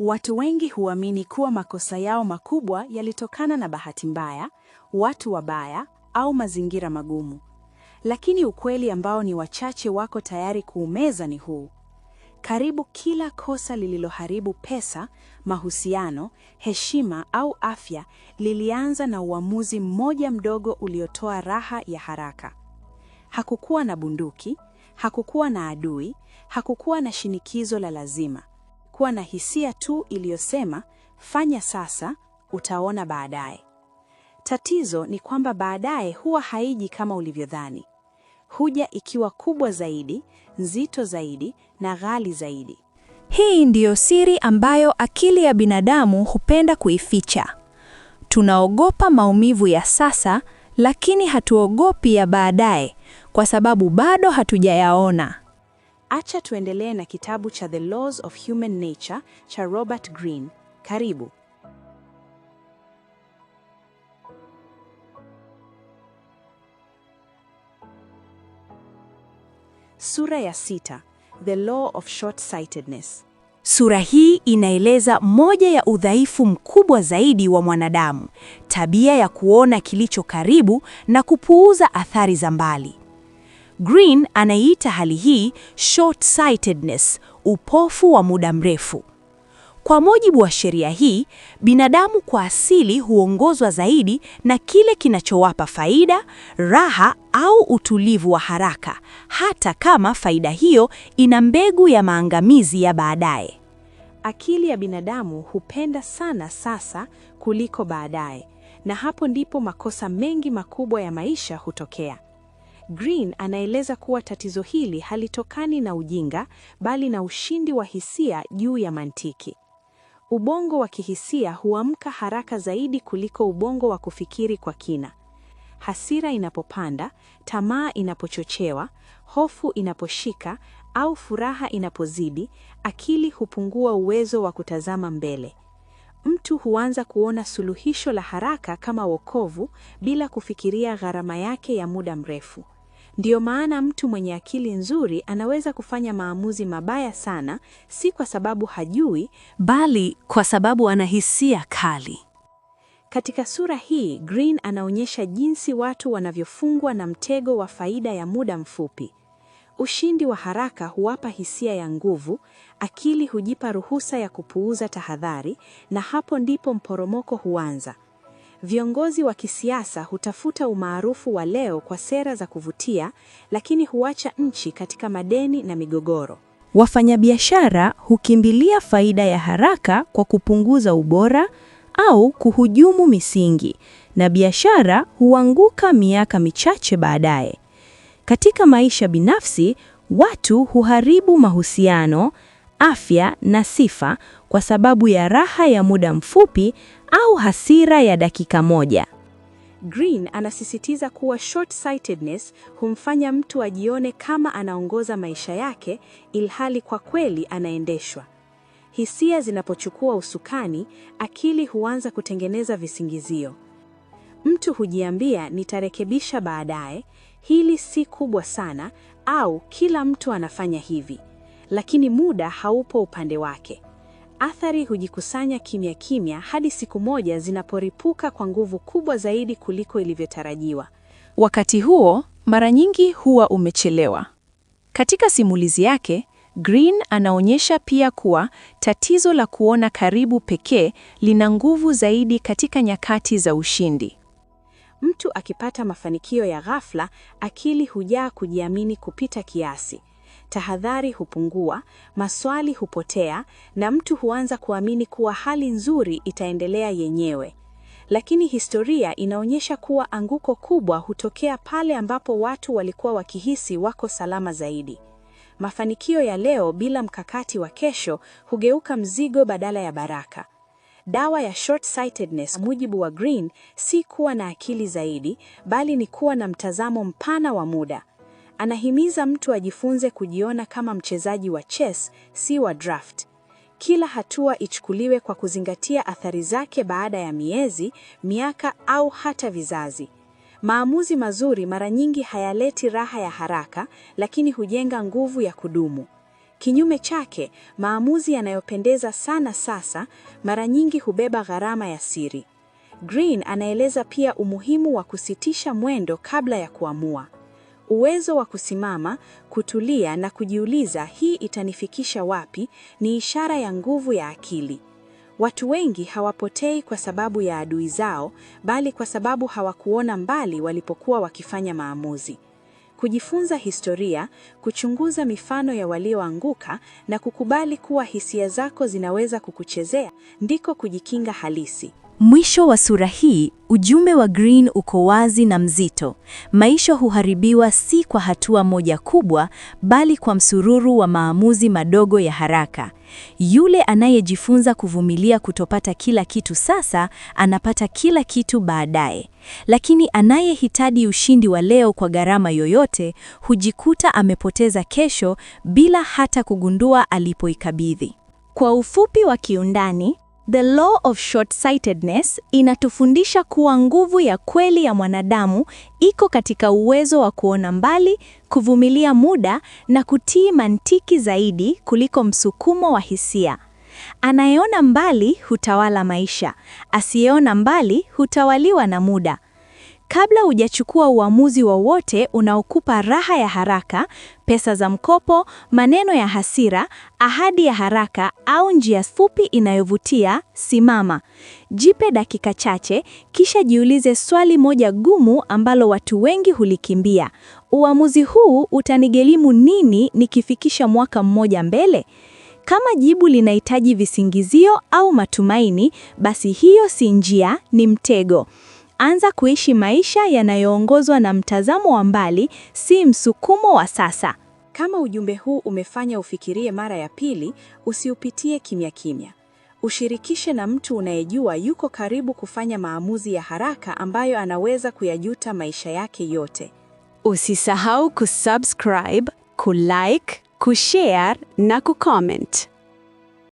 Watu wengi huamini kuwa makosa yao makubwa yalitokana na bahati mbaya, watu wabaya au mazingira magumu. Lakini ukweli ambao ni wachache wako tayari kuumeza ni huu. Karibu kila kosa lililoharibu pesa, mahusiano, heshima au afya lilianza na uamuzi mmoja mdogo uliotoa raha ya haraka. Hakukuwa na bunduki, hakukuwa na adui, hakukuwa na shinikizo la lazima kulikuwa na hisia tu iliyosema fanya sasa, utaona baadaye. Tatizo ni kwamba baadaye huwa haiji kama ulivyodhani. Huja ikiwa kubwa zaidi, nzito zaidi na ghali zaidi. Hii ndiyo siri ambayo akili ya binadamu hupenda kuificha. Tunaogopa maumivu ya sasa, lakini hatuogopi ya baadaye kwa sababu bado hatujayaona. Acha tuendelee na kitabu cha The Laws of Human Nature cha Robert Greene. Karibu. Sura ya sita, The Law of Short-sightedness. Sura hii inaeleza moja ya udhaifu mkubwa zaidi wa mwanadamu, tabia ya kuona kilicho karibu na kupuuza athari za mbali. Green anaiita hali hii short-sightedness, upofu wa muda mrefu. Kwa mujibu wa sheria hii, binadamu kwa asili huongozwa zaidi na kile kinachowapa faida, raha au utulivu wa haraka, hata kama faida hiyo ina mbegu ya maangamizi ya baadaye. Akili ya binadamu hupenda sana sasa kuliko baadaye, na hapo ndipo makosa mengi makubwa ya maisha hutokea. Green anaeleza kuwa tatizo hili halitokani na ujinga bali na ushindi wa hisia juu ya mantiki. Ubongo wa kihisia huamka haraka zaidi kuliko ubongo wa kufikiri kwa kina. Hasira inapopanda, tamaa inapochochewa, hofu inaposhika au furaha inapozidi, akili hupungua uwezo wa kutazama mbele. Mtu huanza kuona suluhisho la haraka kama wokovu bila kufikiria gharama yake ya muda mrefu. Ndiyo maana mtu mwenye akili nzuri anaweza kufanya maamuzi mabaya sana, si kwa sababu hajui, bali kwa sababu ana hisia kali. Katika sura hii, Greene anaonyesha jinsi watu wanavyofungwa na mtego wa faida ya muda mfupi. Ushindi wa haraka huwapa hisia ya nguvu, akili hujipa ruhusa ya kupuuza tahadhari, na hapo ndipo mporomoko huanza. Viongozi wa kisiasa hutafuta umaarufu wa leo kwa sera za kuvutia, lakini huacha nchi katika madeni na migogoro. Wafanyabiashara hukimbilia faida ya haraka kwa kupunguza ubora au kuhujumu misingi, na biashara huanguka miaka michache baadaye. Katika maisha binafsi, watu huharibu mahusiano afya na sifa kwa sababu ya raha ya muda mfupi au hasira ya dakika moja. Green anasisitiza kuwa short-sightedness humfanya mtu ajione kama anaongoza maisha yake ilhali kwa kweli anaendeshwa. Hisia zinapochukua usukani, akili huanza kutengeneza visingizio. Mtu hujiambia nitarekebisha baadaye, hili si kubwa sana, au kila mtu anafanya hivi lakini muda haupo upande wake. Athari hujikusanya kimya kimya hadi siku moja zinaporipuka kwa nguvu kubwa zaidi kuliko ilivyotarajiwa. Wakati huo mara nyingi huwa umechelewa. Katika simulizi yake, Green anaonyesha pia kuwa tatizo la kuona karibu pekee lina nguvu zaidi katika nyakati za ushindi. Mtu akipata mafanikio ya ghafla, akili hujaa kujiamini kupita kiasi tahadhari hupungua, maswali hupotea na mtu huanza kuamini kuwa hali nzuri itaendelea yenyewe. Lakini historia inaonyesha kuwa anguko kubwa hutokea pale ambapo watu walikuwa wakihisi wako salama zaidi. Mafanikio ya leo bila mkakati wa kesho hugeuka mzigo badala ya baraka. Dawa ya short-sightedness, mujibu wa Green, si kuwa na akili zaidi, bali ni kuwa na mtazamo mpana wa muda. Anahimiza mtu ajifunze kujiona kama mchezaji wa chess, si wa draft. Kila hatua ichukuliwe kwa kuzingatia athari zake baada ya miezi, miaka au hata vizazi. Maamuzi mazuri mara nyingi hayaleti raha ya haraka, lakini hujenga nguvu ya kudumu. Kinyume chake, maamuzi yanayopendeza sana sasa mara nyingi hubeba gharama ya siri. Green anaeleza pia umuhimu wa kusitisha mwendo kabla ya kuamua. Uwezo wa kusimama, kutulia na kujiuliza hii itanifikisha wapi ni ishara ya nguvu ya akili. Watu wengi hawapotei kwa sababu ya adui zao, bali kwa sababu hawakuona mbali walipokuwa wakifanya maamuzi. Kujifunza historia, kuchunguza mifano ya walioanguka na kukubali kuwa hisia zako zinaweza kukuchezea ndiko kujikinga halisi. Mwisho wa sura hii, ujumbe wa Green uko wazi na mzito. Maisha huharibiwa si kwa hatua moja kubwa, bali kwa msururu wa maamuzi madogo ya haraka. Yule anayejifunza kuvumilia kutopata kila kitu sasa, anapata kila kitu baadaye. Lakini anayehitaji ushindi wa leo kwa gharama yoyote, hujikuta amepoteza kesho bila hata kugundua alipoikabidhi. Kwa ufupi wa kiundani, The Law of Short-Sightedness inatufundisha kuwa nguvu ya kweli ya mwanadamu iko katika uwezo wa kuona mbali, kuvumilia muda na kutii mantiki zaidi kuliko msukumo wa hisia. Anayeona mbali hutawala maisha, asiyeona mbali hutawaliwa na muda. Kabla hujachukua uamuzi wowote unaokupa raha ya haraka, pesa za mkopo, maneno ya hasira, ahadi ya haraka au njia fupi inayovutia, simama. Jipe dakika chache, kisha jiulize swali moja gumu ambalo watu wengi hulikimbia. Uamuzi huu utanigelimu nini nikifikisha mwaka mmoja mbele? Kama jibu linahitaji visingizio au matumaini, basi hiyo si njia, ni mtego anza kuishi maisha yanayoongozwa na mtazamo wa mbali, si msukumo wa sasa. Kama ujumbe huu umefanya ufikirie mara ya pili, usiupitie kimya kimya. Ushirikishe na mtu unayejua yuko karibu kufanya maamuzi ya haraka ambayo anaweza kuyajuta maisha yake yote. Usisahau kusubscribe, kulike, kushare na kucomment.